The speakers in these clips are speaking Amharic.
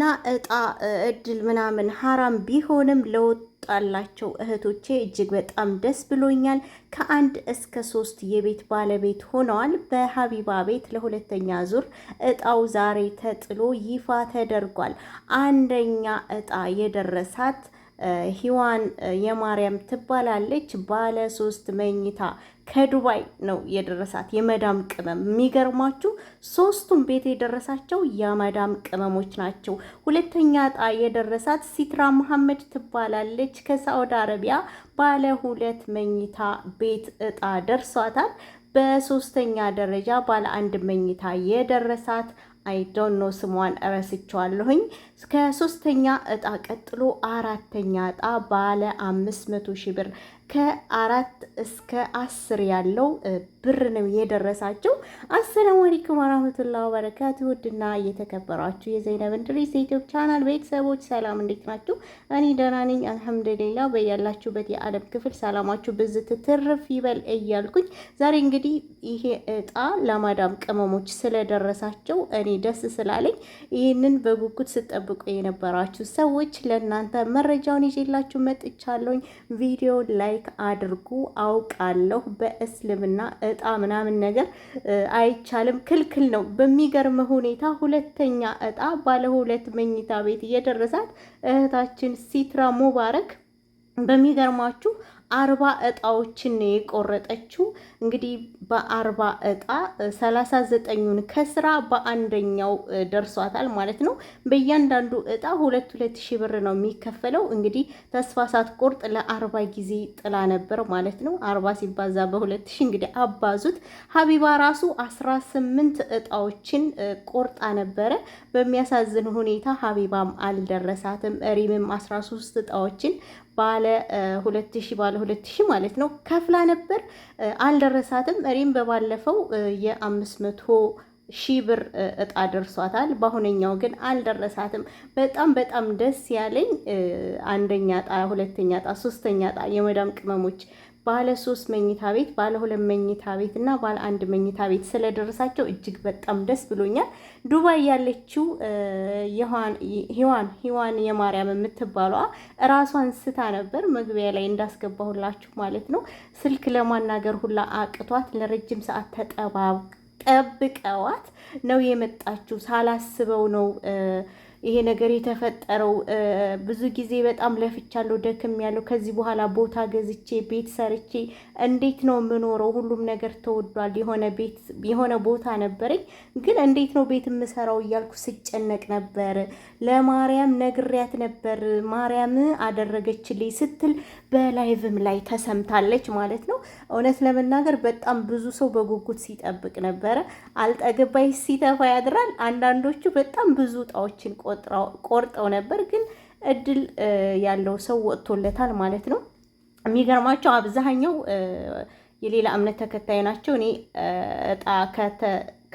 እና እጣ እድል ምናምን ሀራም ቢሆንም ለወጣላቸው እህቶቼ እጅግ በጣም ደስ ብሎኛል። ከአንድ እስከ ሶስት የቤት ባለቤት ሆነዋል። በሀቢባ ቤት ለሁለተኛ ዙር እጣው ዛሬ ተጥሎ ይፋ ተደርጓል። አንደኛ እጣ የደረሳት ሂዋን የማርያም ትባላለች። ባለ ሶስት መኝታ ከዱባይ ነው የደረሳት የመዳም ቅመም። የሚገርማችሁ ሶስቱም ቤት የደረሳቸው የመዳም ቅመሞች ናቸው። ሁለተኛ እጣ የደረሳት ሲትራ መሐመድ ትባላለች። ከሳዑዲ አረቢያ ባለ ሁለት መኝታ ቤት እጣ ደርሷታል። በሶስተኛ ደረጃ ባለ አንድ መኝታ የደረሳት አይ ዶንት ኖ ስሟን እረስቸዋለሁኝ። ከሶስተኛ እጣ ቀጥሎ አራተኛ እጣ ባለ አምስት መቶ ሺህ ብር ከአራት እስከ አስር ያለው ብር ነው የደረሳቸው። አሰላሙ አለይኩም ወራህመቱላ ወበረካቱ። ውድና እየተከበራችሁ የዘይነብ እንድሪስ የዩቲዩብ ቻናል ቤተሰቦች ሰላም፣ እንዴት ናችሁ? እኔ ደህና ነኝ አልሐምዱሊላ። በያላችሁበት የዓለም ክፍል ሰላማችሁ ብዝት ትርፍ ይበል እያልኩኝ ዛሬ እንግዲህ ይሄ እጣ ለማዳም ቅመሞች ስለደረሳቸው እኔ ደስ ስላለኝ ይህንን በጉጉት ስጠብቁ የነበራችሁ ሰዎች ለእናንተ መረጃውን ይዤላችሁ መጥቻለሁኝ። ቪዲዮ ላይ ላይክ አድርጉ። አውቃለሁ በእስልምና እጣ ምናምን ነገር አይቻልም፣ ክልክል ነው። በሚገርም ሁኔታ ሁለተኛ እጣ ባለ ሁለት መኝታ ቤት እየደረሳት እህታችን ሲትራ ሙባረክ በሚገርማችሁ አርባ እጣዎችን ነው የቆረጠችው። እንግዲህ በአርባ እጣ ሰላሳ ዘጠኙን ከስራ በአንደኛው ደርሷታል ማለት ነው። በእያንዳንዱ እጣ ሁለት ሁለት ሺህ ብር ነው የሚከፈለው። እንግዲህ ተስፋ ሳትቆርጥ ለአርባ ጊዜ ጥላ ነበር ማለት ነው። አርባ ሲባዛ በሁለት ሺህ እንግዲህ አባዙት። ሀቢባ ራሱ አስራ ስምንት እጣዎችን ቆርጣ ነበረ። በሚያሳዝን ሁኔታ ሀቢባም አልደረሳትም። ሪምም አስራ ሶስት እጣዎችን ባለ ሁለት ባለ ሁለት ማለት ነው ከፍላ ነበር፣ አልደረሳትም። እሪም በባለፈው የአምስት መቶ ሺህ ብር እጣ ደርሷታል። በአሁነኛው ግን አልደረሳትም። በጣም በጣም ደስ ያለኝ አንደኛ እጣ፣ ሁለተኛ እጣ፣ ሶስተኛ እጣ የመዳም ቅመሞች ባለ ሶስት መኝታ ቤት፣ ባለ ሁለት መኝታ ቤት እና ባለ አንድ መኝታ ቤት ስለደረሳቸው እጅግ በጣም ደስ ብሎኛል። ዱባይ ያለችው ሂዋን ሂዋን የማርያም የምትባሏ እራሷን ስታ ነበር መግቢያ ላይ እንዳስገባሁላችሁ ማለት ነው። ስልክ ለማናገር ሁላ አቅቷት ለረጅም ሰዓት ተጠባብ ጠብቀዋት ነው የመጣችሁ። ሳላስበው ነው ይሄ ነገር የተፈጠረው ብዙ ጊዜ በጣም ለፍቻለሁ፣ ደክም ያለው ከዚህ በኋላ ቦታ ገዝቼ ቤት ሰርቼ እንዴት ነው የምኖረው? ሁሉም ነገር ተወዷል። የሆነ ቤት የሆነ ቦታ ነበረኝ፣ ግን እንዴት ነው ቤት የምሰራው እያልኩ ስጨነቅ ነበር። ለማርያም ነግሪያት ነበር፣ ማርያም አደረገችልኝ ስትል በላይቭም ላይ ተሰምታለች ማለት ነው። እውነት ለመናገር በጣም ብዙ ሰው በጉጉት ሲጠብቅ ነበረ። አልጠገባይ ሲተፋ ያድራል። አንዳንዶቹ በጣም ብዙ እጣዎችን ቆርጠው ነበር፣ ግን እድል ያለው ሰው ወጥቶለታል ማለት ነው። የሚገርማቸው አብዛኛው የሌላ እምነት ተከታይ ናቸው። እኔ እጣ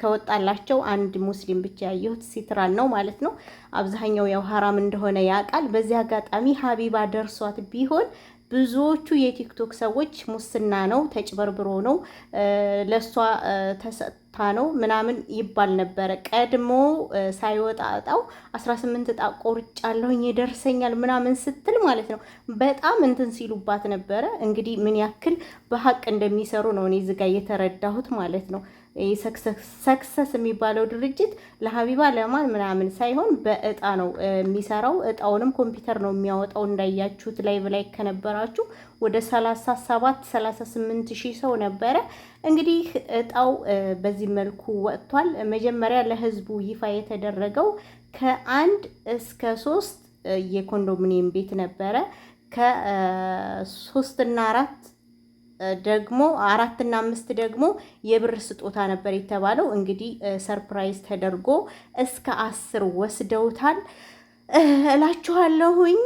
ከወጣላቸው አንድ ሙስሊም ብቻ ያየሁት ሲትራን ነው ማለት ነው። አብዛኛው ያው ሀራም እንደሆነ ያውቃል። በዚህ አጋጣሚ ሀቢባ ደርሷት ቢሆን ብዙዎቹ የቲክቶክ ሰዎች ሙስና ነው፣ ተጭበርብሮ ነው ለእሷ ነው ምናምን ይባል ነበረ። ቀድሞ ሳይወጣ 18 እጣ ቆርጫለሁኝ ይደርሰኛል ምናምን ስትል ማለት ነው በጣም እንትን ሲሉባት ነበረ። እንግዲህ ምን ያክል በሀቅ እንደሚሰሩ ነው እኔ ዝጋ ጋ የተረዳሁት ማለት ነው። ሰክሰስ የሚባለው ድርጅት ለሀቢባ ለማን ምናምን ሳይሆን በእጣ ነው የሚሰራው። እጣውንም ኮምፒውተር ነው የሚያወጣው። እንዳያችሁት ላይ ከነበራችሁ ወደ 37 38 ሺህ ሰው ነበረ። እንግዲህ እጣው በዚህ መልኩ ወጥቷል። መጀመሪያ ለህዝቡ ይፋ የተደረገው ከአንድ እስከ ሶስት የኮንዶሚኒየም ቤት ነበረ ከሶስትና አራት ደግሞ አራትና አምስት ደግሞ የብር ስጦታ ነበር የተባለው። እንግዲህ ሰርፕራይዝ ተደርጎ እስከ አስር ወስደውታል እላችኋለሁኝ።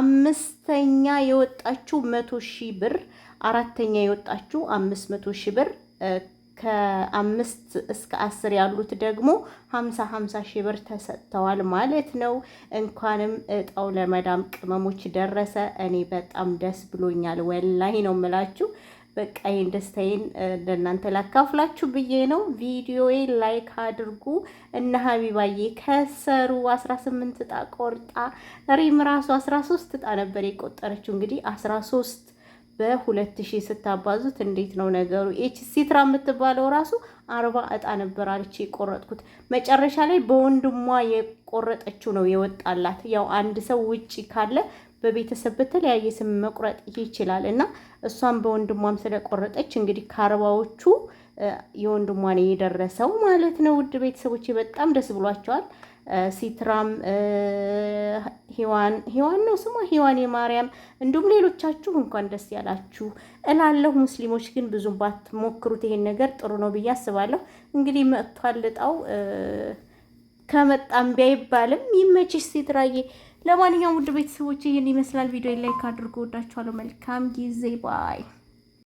አምስተኛ የወጣችሁ መቶ ሺህ ብር፣ አራተኛ የወጣችሁ አምስት መቶ ሺህ ብር ከአምስት እስከ አስር ያሉት ደግሞ ሀምሳ ሀምሳ ሺህ ብር ተሰጥተዋል ማለት ነው። እንኳንም እጣው ለመዳም ቅመሞች ደረሰ። እኔ በጣም ደስ ብሎኛል። ወላይ ነው የምላችሁ። በቃ ይህን ደስታዬን ለእናንተ ላካፍላችሁ ብዬ ነው። ቪዲዮዬ ላይክ አድርጉ እና ሀቢባዬ ከሰሩ አስራ ስምንት እጣ ቆርጣ ሪም ራሱ አስራ ሶስት እጣ ነበር የቆጠረችው እንግዲህ አስራ ሶስት በሁለት ሺህ ስታባዙት እንዴት ነው ነገሩ? ይች ሲትራ የምትባለው ራሱ አርባ እጣ ነበር አልቼ የቆረጥኩት። መጨረሻ ላይ በወንድሟ የቆረጠችው ነው የወጣላት። ያው አንድ ሰው ውጪ ካለ በቤተሰብ በተለያየ ስም መቁረጥ ይችላል እና እሷም በወንድሟም ስለቆረጠች እንግዲህ ከአርባዎቹ የወንድሟ ነው የደረሰው ማለት ነው። ውድ ቤተሰቦች በጣም ደስ ብሏቸዋል። ሲትራም ሂዋን ሂዋን ነው ስሟ ሂዋን የማርያም እንዲሁም ሌሎቻችሁ እንኳን ደስ ያላችሁ እላለሁ። ሙስሊሞች ግን ብዙም ባትሞክሩት ይሄን ነገር ጥሩ ነው ብዬ አስባለሁ። እንግዲህ መጥቷል እጣው ከመጣም ቢያይባልም ይመችሽ ሲትራዬ። ለማንኛውም ውድ ቤተሰቦች ይህን ይመስላል። ቪዲዮ ላይ አድርጎ ወዳችኋለሁ። መልካም ጊዜ ባይ